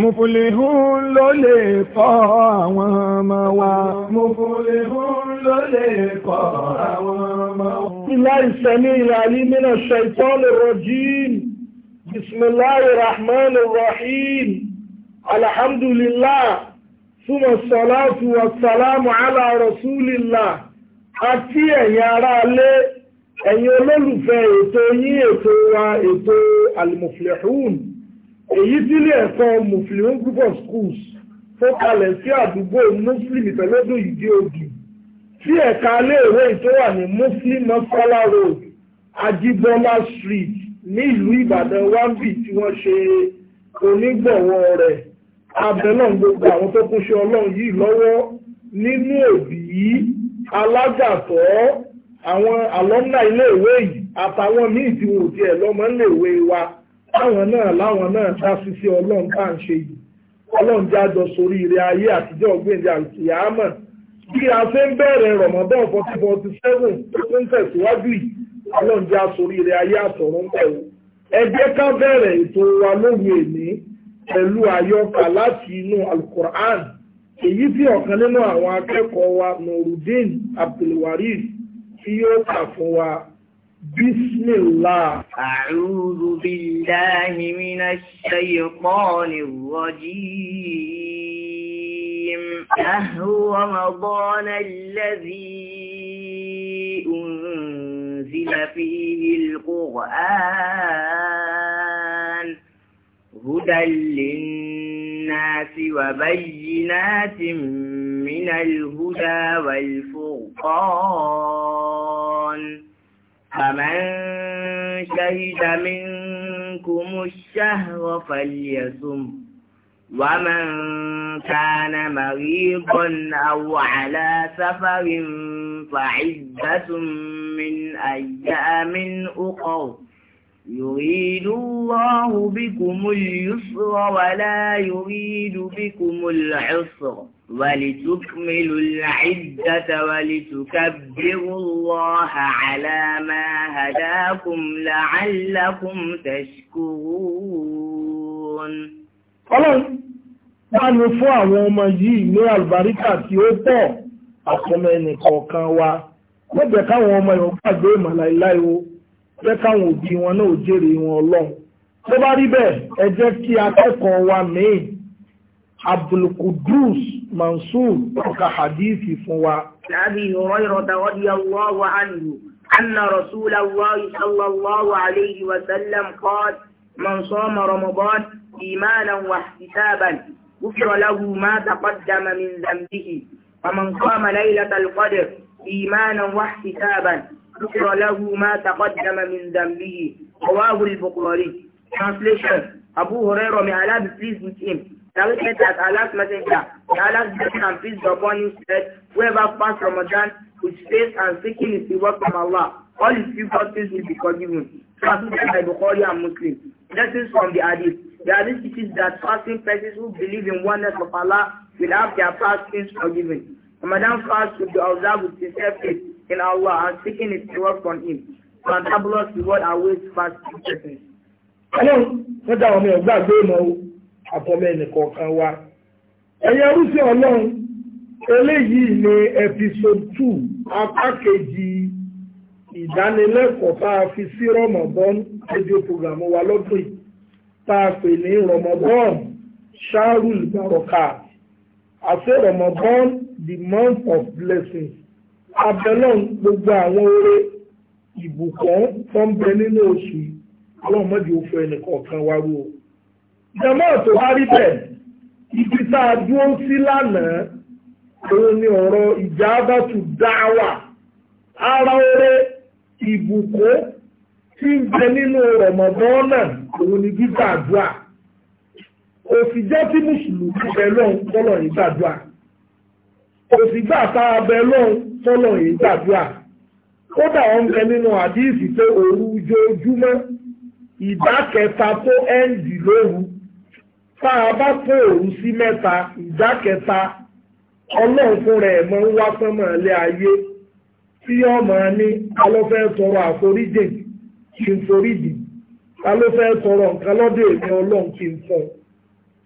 Mùfúlihún ló lè kọ́ àwọn ọmọ wa. Mùfúlihún ló lè kọ́ àwọn ọmọ wa. Ilá ìsẹ̀mí ìlàlí mínà ṣaitọ́lù rọ̀jìm. Bismillahir Rahmanir Rahim. Alhamdulillah. Súnmọ̀ sọ̀láàtù wa sàlámù ala Rasulillah. Àti ẹ̀yin ará alé, ẹ̀yin olólùfẹ́ ètò yín ètò wa ètò al èyí tí ilé ẹ̀kọ́ muslim group of schools fọ́kalẹ̀ sí àdúgbò muslim ìtẹ́lẹ́dùn ìdí òdì tí ẹ̀ka iléèwé tó wà ní muslim masala road ajibola street ní ìlú ìbàdàn wambi tí wọ́n ṣe onígbọ̀wọ́ rẹ̀ abẹ́lọ́n gbogbo àwọn tó kún ṣe ọlọ́run yìí lọ́wọ́ nínú òbí alágàtọ́ àwọn alọ́mnà iléèwé yìí àtàwọn míì tí wọn ò tiẹ̀ lọ́mọ iléèwé wa táwọn náà láwọn náà dá sí sí ọlọ́run bá ń ṣe yìí ọlọ́run já jọ sórí ire ayé àtijọ́ ọ̀gbìnrin àlùkìyàmọ̀ bí a ṣe ń bẹ̀rẹ̀ rọ̀mọ́dọ́ forty forty seven tó ń tẹ̀síwájú yìí ọlọ́run já sórí ire ayé àtọ̀run ń bẹ̀rù ẹ jẹ́ ká bẹ̀rẹ̀ ètò wa lóru èní pẹ̀lú àyọkà láti inú alukur'an èyí tí ọ̀kan nínú àwọn akẹ́kọ̀ọ́ wa nurudeen abdulwaris tí yóò kà fún wa. بسم الله أعوذ بالله من الشيطان الرجيم أهو أه رمضان الذي أنزل فيه القرآن هدى للناس وبينات من الهدى والفرقان فمن شهد منكم الشهر فليصم ومن كان مريضا أو على سفر فعزة من أيام أخر يريد الله بكم اليسر ولا يريد بكم العسر ولتكمل العدة ولتكبروا الله على ما هداكم لعلكم تشكرون Ọlọ́run bá ní fún àwọn ọmọ yìí ní àlùbáríkà tí ó pọ̀ àtọmọ ẹnìkọ̀ọ̀kan wa. Wọ́n jẹ́ káwọn ọmọ yóò gbàgbé ìmọ̀láìláì o, jẹ́ káwọn òbí wọn náà jèrè wọn Ọlọ́run. Tó bá rí bẹ́ẹ̀, ẹ jẹ́ kí akẹ́kọ̀ọ́ wa mìíràn abdulkudus mansour ọkà hadithi fún wa. abi hurairah radiyallahu anhu anna rasulallah sallallahu alayhi wa sallam qala man sama ramadan imanan wa ihtisaban غفر له ما تقدم من ذنبه ومن قام ليلة القدر إيمانا واحتسابا غفر له ما تقدم من ذنبه رواه البخاري Translation Abu Hurairah may Allah be pleased with him That we said that Allah's messenger, Allah's blessing and peace be upon him said, whoever fasts Ramadan with faith and seeking his reward from Allah, all his future sins will be forgiven. Transmitted by Bukhari and Muslim. Lessons from the Hadith. The Hadith teaches that fasting persons who believe in oneness of Allah will have their past sins forgiven. Ramadan fast should be observed with sincere faith in Allah and seeking his reward from him. Fantabulous reward awaits fasting persons. Hello, wọ́n dá àwọn ọmọ ẹ̀gbọ́n àgbé ìmọ̀ o àtọ́lẹ́nì kọ̀ọ̀kan wa ẹ̀yẹ rúṣẹ́ ọlọ́run eléyìí ni episode two apá kejì ìdánilẹ́kọ̀ọ́ tá a fi sí rọmọbọ́n rédíò program wa lọ́dún yìí tá a pè ní rọmọbọ́n sharul baraka àti rọmọbọ́n the month of blessings abẹ́lọ́n gbogbo àwọn oore ìbùkún tó ń bẹ nínú oṣù ọlọ́run mọ́jú òfin ẹnìkọ̀ọ̀kan wa rú o jẹmọ́ tó wá rí bẹ́ẹ̀ ibi tá a dúró sí lánàá òun ni ọ̀rọ̀ ìjábàtú dáwà ara oore ìbùkún tí ń bẹ nínú rọ̀mọ̀dán náà òun ni gbígbàdúà òsìjọ́ tí mùsùlùmí bẹ lọ́hùn tọ́lọ̀ yìí gbàdúà òsìgbà tá a bẹ lọ́hùn tọ́lọ̀ yìí gbàdúà kódà wọn bẹ nínú àdíìsì pé òru ojoojúmọ́ ìdá kẹta tó ẹ́ǹdì lóru tá a bá kó òru sí mẹ́ta ìdá kẹta ọlọ́run fúnra ẹ̀ mọ́ ń wá sánmọ̀ ilé ayé tí yóò máa ní ta ló fẹ́ tọrọ àforíjì kí n foríjì ta ló fẹ́ tọrọ nǹkan lọ́dọ̀ èmi ọlọ́run kí n fún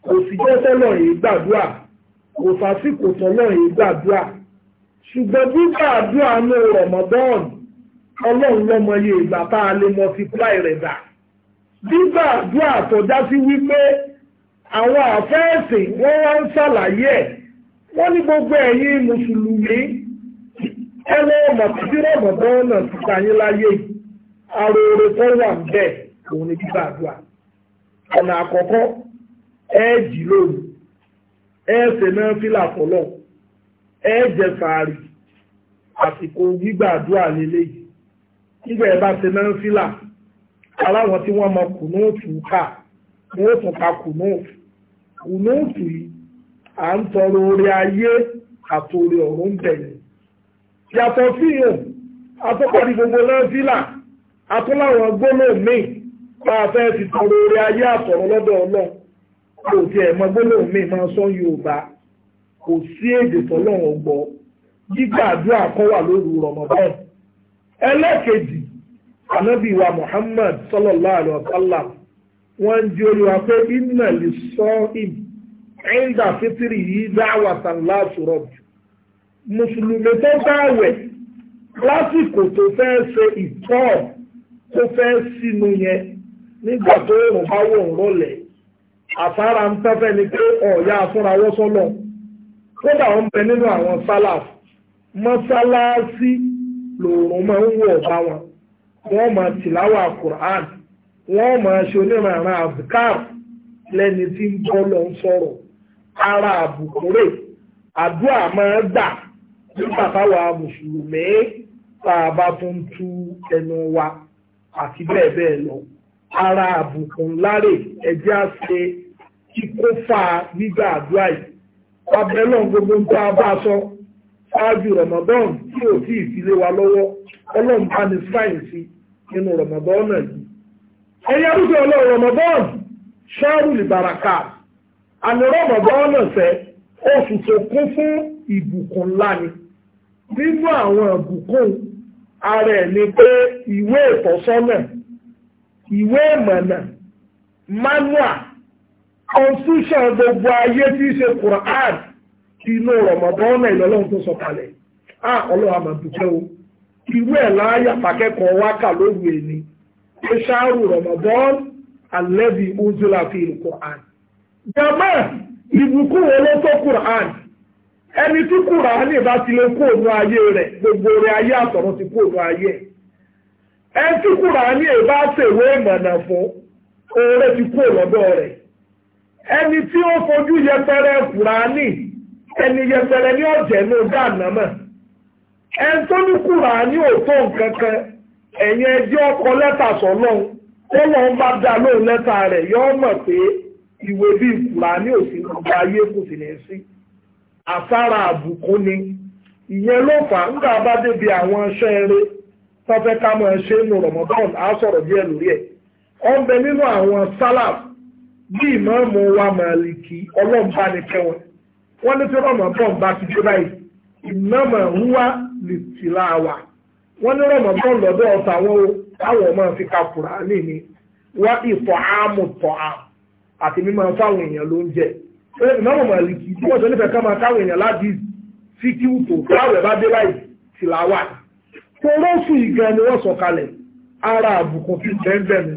kò sì jẹ́ tọ́lọ̀ yìí gbàdúrà kò sásìkò tọ́lọ̀ yìí gbàdúrà ṣùgbọ́n gbígbà àdúrà ní rọ̀mọ́dọ́ọ̀nù ọlọ́run lọ́mọ iye ìgbà tá a lè multiply rẹ̀ dà gbígbà àdúrà tọ́já sí wípé àwọn àfẹ́ẹ̀sìn wọ́n wá ń ṣàlàyé ẹ̀ wọ́n ní gbogbo ẹ̀yin mùsùlùmí ẹ lọ mọ̀tí tí rọ̀mọ̀dán náà ti tayín láyé aróore tó wà ń bẹ̀ òun ni bíbá àdúrà ọ̀nà àkọ́kọ́ ẹ jì lóru ẹ ṣe náà fílà fọlọ́ ẹ jẹ sàárì àsìkò gbígbà àdúrà lélẹ́yìí nígbà ẹ bá ṣe náà fílà aláwọn tí wọ́n mọ kùnú òtún ká wọ́n ó tún ka kùnú òtún kùnúùtù yìí à ń tọrọ orí ayé àtòrí ọ̀run bẹ̀yìn yàtọ̀ sí ìhùn atọ́kọ̀dí gbogbo náà fílà atúláwọn gbóná míì bá a fẹ́ ti tọrọ orí ayé àtọ̀rọ̀ lọ́dọ̀ ọlọ́run kò tiẹ̀ mọ gbóná míì máa sọ Yorùbá kò sí èdè tọ́lọ́run gbọ́ gbígbàdúrà kan wà lóru Ramadan ẹlẹ́kejì ànábì wa Muhammad sallallahu alayhi wa sallam wọ́n di olúwa pé iná lè sọ ìm ẹ̀ńdà fitiri yìí dáwà tàn láṣùrọ̀ jù mùsùlùmí tó dáwẹ̀ lásìkò tó fẹ́ ṣe ìtọ́ tó fẹ́ sínú yẹn nígbà tó rùn bá wò ń rọlẹ̀ àfárá ń tẹ́fẹ́ ni pé ọ̀ọ́yá afúnrawọ́ sọ́lọ̀ kódà ń bẹ nínú àwọn sálàf mọ́sálásí lòórùn máa ń wọ̀ bá wọn wọ́n máa tìláwà Qur'an wọ́n máa ṣe onírànràn àbùkár lẹ́ni tí ń bọ́ lọ ń sọ̀rọ̀ ara àbùkúrè àdúrà máa gbà nígbà táwa mùsùlùmí tá a bá tún tú ẹnu wa àti bẹ́ẹ̀ bẹ́ẹ̀ lọ ara àbùkù ńláre ẹjẹ́ àṣẹ kíkó fa gbígbà àdúrà yìí abẹ́lọ́n gbogbo ń tá a bá sọ ṣáájú Ramadan tí ò tí ì fi lé wa lọ́wọ́ ọlọ́run bá ní sáyẹ̀nsì nínú Ramadan náà yìí ẹ̀yẹ rúgbẹ́ ọlọ́run Ramadan ṣáàrù ìbàràkà àmì Ramadan náà fẹ́ oṣù tó kún fún ìbùkún ńlá ni nínú àwọn ìbùkún ara ẹ̀ ni pé ìwé ìtọ́sọ́nà ìwé ìmọ̀nà manual constitution gbogbo ayé tí í ṣe Quran inú Ramadan ìlọ́lọ́run tó sọ kalẹ̀ ah ọlọ́run àmàdùkẹ́ o ìwé ẹ̀ láyà pàkẹ́kọ̀ọ́ wákà lóru èní pé ṣáàrù Ramadan alẹ́bí uzula fi Qur'an. jama ìbùkún wo ló tó Qur'an ẹni tí Qur'an ìbá ti lè kó òun ayé rẹ̀ gbogbo rẹ̀ ayé àtọ̀run ti kó òun ayé ẹ̀ ẹni tí Qur'an ìbá ṣèwé ìmọ̀nà fún oore ti kó lọ́dọ̀ rẹ̀ ẹni tí ó fojú yẹpẹrẹ Qur'an ẹni yẹpẹrẹ ní ọ̀jẹ̀ ní ọgbà ànámọ̀ ẹni tó ní Qur'an ò tó nǹkan ẹ̀yin ẹjẹ́ ọkọ̀ lẹ́tà sọ́lọ́hún ó lọ́n bá dá lóun lẹ́tà rẹ̀ yọ́ mọ̀ pé ìwé bíi Kùránì òsì ọba ayé kò sì ní sí àsára àbùkún ni ìyẹn ló fà ń gbà bá débi àwọn iṣẹ́ eré tọ́fẹ́ ká mọ̀ ṣe nù Ramadan á sọ̀rọ̀ díẹ̀ lórí ẹ̀ ó ń bẹ nínú àwọn sálàf bí ìmọ̀ọ́mù wa Màlìkì ọlọ́mùbá ni wọ́n ní tí Ramadan bá ti dé báyìí ìmọ̀ọ́mù wa lè tìlà wà wọ́n ní rọ̀mọ̀dán lọ́dọ̀ ọ̀tà wọn o táwọn ọmọ fi ka kùránì ni wá ìtọ̀ àmù tọ̀ à àti mímọ fáwọn èèyàn ló ń jẹ ìmọ̀mọ̀ màlìkì tí wọ́n sọ nífẹ̀ẹ́ ká máa káwọn èèyàn láti fíkíwù tó káwẹ̀ bá dé láì tìláwà kórósù ìgan ni wọ́n sọ kalẹ̀ ara àbùkù ti bẹ́ẹ̀ mi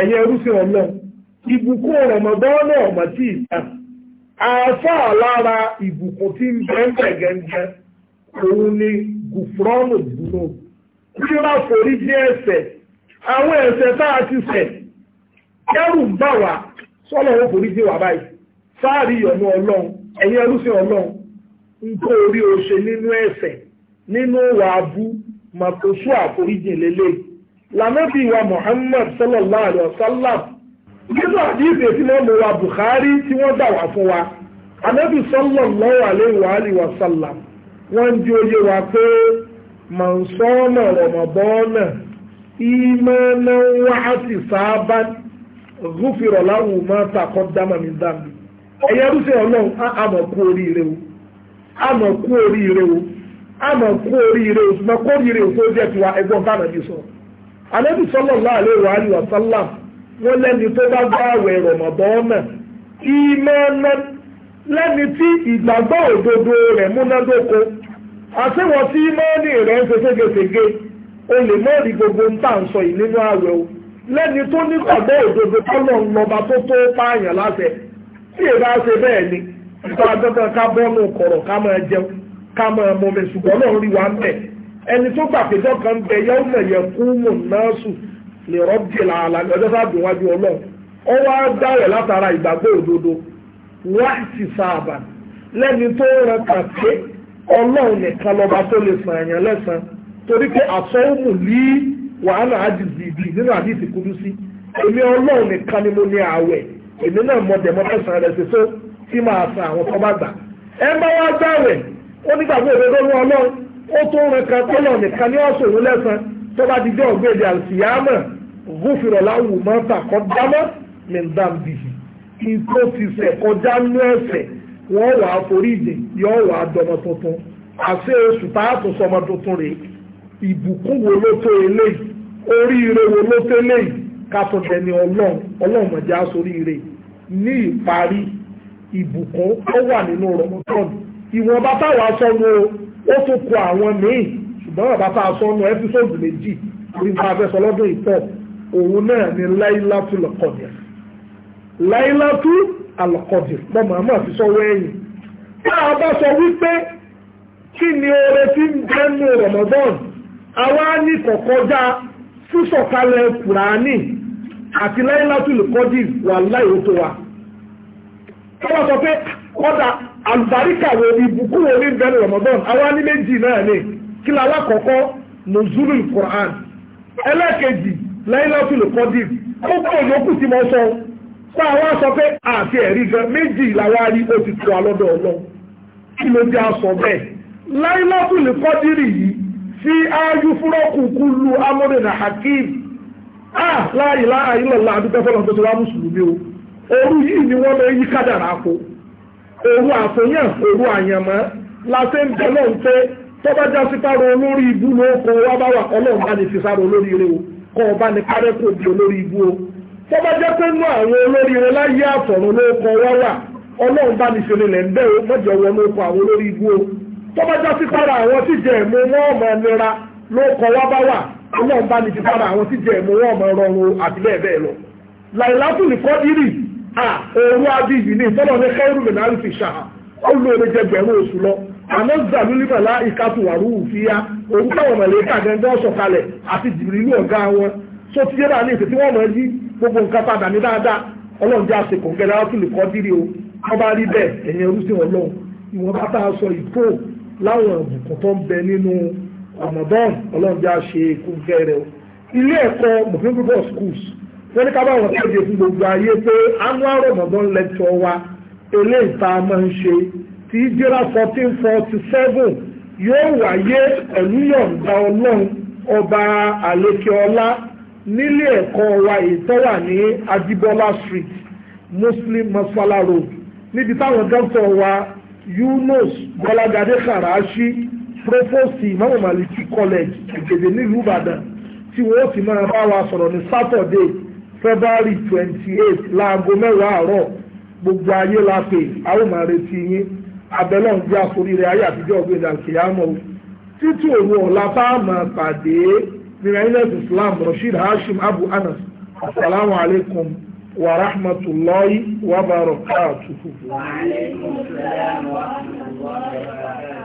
ẹ̀yẹ rúfin ọlọ́run ìbùkún rọ̀mọ̀dán náà ọ̀mọ̀ bí ó bá forí jì ẹsẹ̀ àwọn ti ṣẹ̀ kẹ́rù ń sọ́lọ̀ forí báyìí sáàrí ọlọ́run ọlọ́run ń orí nínú nínú abú wa Muhammad sallallahu alayhi wa nínú àdíìsì tí wọ́n mú wa Bukhari tí wọn gbà wá fún wa ànábì sallallahu alayhi wa sallam wọ́n ń di wa pé mọ̀nsọ́nà rọ̀mọ̀bọ́nà ìmọ̀nà wáhásì sáábà rúfìrọ̀ láwùú máa takọ́ dámà mi dáàbì ẹ̀yẹ rúfẹ́ ọlọ́run àmọ̀ kú oríire o àmọ̀ kú oríire o àmọ̀ kú oríire o ṣùgbọ́n kó oríire o tó jẹ́ tiwa ẹgbọ́n bá nàbí sọ. ànábì sallallahu alaihi wa alihi wa sallam wọ́n lẹ́ni tó bá gbá àwẹ̀ rọ̀mọ̀bọ́nà ìmọ̀nà lẹ́ni tí ìgbàgbọ́ òdodo rẹ̀ múnádóko àṣewọ̀ tí mọ́ọ́nì rẹ̀ ń ṣe ségesège o lè mọ́ọ̀rì gbogbo ń tà ń sọ yìí nínú ààwẹ̀ o lẹ́ni tó nígbàgbọ́ òdodo tọ́lọ̀ ń lọba tó tó pààyàn láṣẹ tí èèyàn ṣe bẹ́ẹ̀ ni ìtọ́ agbẹ́gbẹ́ ká bọ́ọ̀nù kọ̀rọ̀ ká máa jẹun ká máa mọ̀mẹ́ ṣùgbọ́n náà rí wa ń bẹ̀ ẹni tó gbà péjọ kan ń bẹ yẹ́wò mọ̀ yẹ kú mọ̀ náà sùn lè rọ́bì làálà ọjọ́ sábẹ̀ ọlọ́run nìkan lọ́ba tó lè san èèyàn lẹ́san torí pé àsọ́wọ́mù lí wàhálà àdìsí ìbí nínú àdìsí kúdúsí èmi ọlọ́run nìkan ni mo ní ààwẹ̀ èmi náà mọ dẹ̀mọ́tẹ́sán rẹ̀ ṣoṣo tí máa san àwọn tó bá gbà ẹ bá wá gbàwẹ̀ ó nígbà tó èdè lórí ọlọ́run ó tún rẹ̀ kan tọ́lọ̀ nìkan ní ọ̀sẹ̀ òun lẹ́san tó bá di jẹ́ ọ̀gbẹ́dẹ wọ́n wà àforíjì yóò wà dọmọ tuntun àṣẹ oṣù táàtù sọmọ tuntun rèé ìbùkún wo ló tó eléyìí oríire wo ló tó eléyìí kátó dẹni ọlọ́run ọlọ́run mọ̀já sóríire ní ìparí ìbùkún ó wà nínú rọmọtọ́nù ìwọ̀nba táwa sọnù ó tún kọ àwọn míì ṣùgbọ́n bàbá tá a sọnù ẹ́písọ́ọ̀dù méjì orí nǹkan afẹ́sọ lọ́dún ìtọ́ òun náà ni láìlátú lọ́kọ̀ọ́dẹ̀ láìlátú alọ́kọ̀dì bọ́mọ̀ àmọ́ àti sọ́wọ́ ẹ̀yìn tá a bá sọ wípé kí ni oore tí ń bẹ́nu Ramadan àwa ní kọ̀kọ́já sísọ̀kalẹ̀ kùránì àti láìlátùlù kọ́dì wà láìwó tó wa tó wá sọ pé kọ́dà àlùbáríkà wo ìbùkún wo ní bẹ́nu Ramadan àwa ní méjì náà ni kí la lákọ̀ọ́kọ́ nùzúlù kùránì ẹlẹ́ẹ̀kejì láìlátùlù kọ́dì ó kọ́ ìyókù tí mo sọ tá a sọ pé àti ẹ̀rí gan méjì làwa rí ó ilo alọ́dọ̀ ọlọ́run kí ló jẹ́ aṣọ bẹ́ẹ̀ láìlọ́tùlù kọ́dírì yìí sí fúrọ́kù kú lu hakeem ah láàyè láàyè lọ́la àdúgbò fọlọ́n o òru yìí ni wọ́n lọ yí kádàrà àpò òru àfòyàn òru láti ń ń tọ́ba já sí olórí ibú lóko o kọ́ ọ tó bá jẹ́ pé mú àwọn olóríire láyé àtọ̀run ló kọ wáwà ọlọ́run bá ní ṣẹlẹ̀ lẹ́ ń bẹ́ o mọ́jọ wọn ló kọ àwọn olórí ibú o tó bá jọ sí para àwọn tí jẹ ẹ̀mú wọn ọmọ nira ló kọ wá bá wà ọlọ́run bá ní ti para àwọn tí jẹ ẹ̀mú wọn ọmọ rọrùn àti bẹ́ẹ̀ bẹ́ẹ̀ lọ. làìlátù ní kọ́dírì òru adìyí ni ìtọ́lọ̀ ní kẹ́rù mìíràn fi ṣà gbogbo nǹkan padà ní dáadáa ọlọ́run jẹ́ àsìkò gẹ́gẹ́ lákìlì kọ́ dírí o wọ́n bá rí bẹ́ẹ̀ ẹ̀yìn ẹrúsìn ọlọ́run ìwọ̀n bá tá a sọ ìtò láwọn ìbùkún tó ń bẹ nínú Ramadan ọlọ́run jẹ́ àṣe ikú gẹ́rẹ́ o ilé ẹ̀kọ́ mọ̀fín púpọ̀ schools wọ́n ní ká bá kéde fún gbogbo ayé pé annual Ramadan lecture wa eléyìí tá a máa ń ṣe ti jẹ́ra fourteen forty seven yóò wáyé ẹ̀lú yọ̀ǹda ọlọ́run ọba àlekè nílé ẹ̀kọ́ wa ìtọ́wà ní Ajibola Street Muslim Masfala Road níbi táwọn dókítà wa Yunus Bọ́lágadé Karachi provost Imam Maliki College Ẹ̀gẹ̀dẹ̀ nílùú Ìbàdàn tí wọ́n ti máa bá wa sọ̀rọ̀ ní Saturday February twenty eight láago mẹ́wàá àárọ̀ gbogbo ayé la pè a ó máa retí yín abẹ́lẹ́ ń gbé àforí rẹ̀ ayé àtijọ́ ọ̀gbìn ìdàkìyàmọ́ títí òru ọ̀la bá máa pàdé. بمعينة الإسلام رشيد هاشم أبو أنس السلام عليكم ورحمة الله وبركاته وعليكم السلام ورحمة الله وبركاته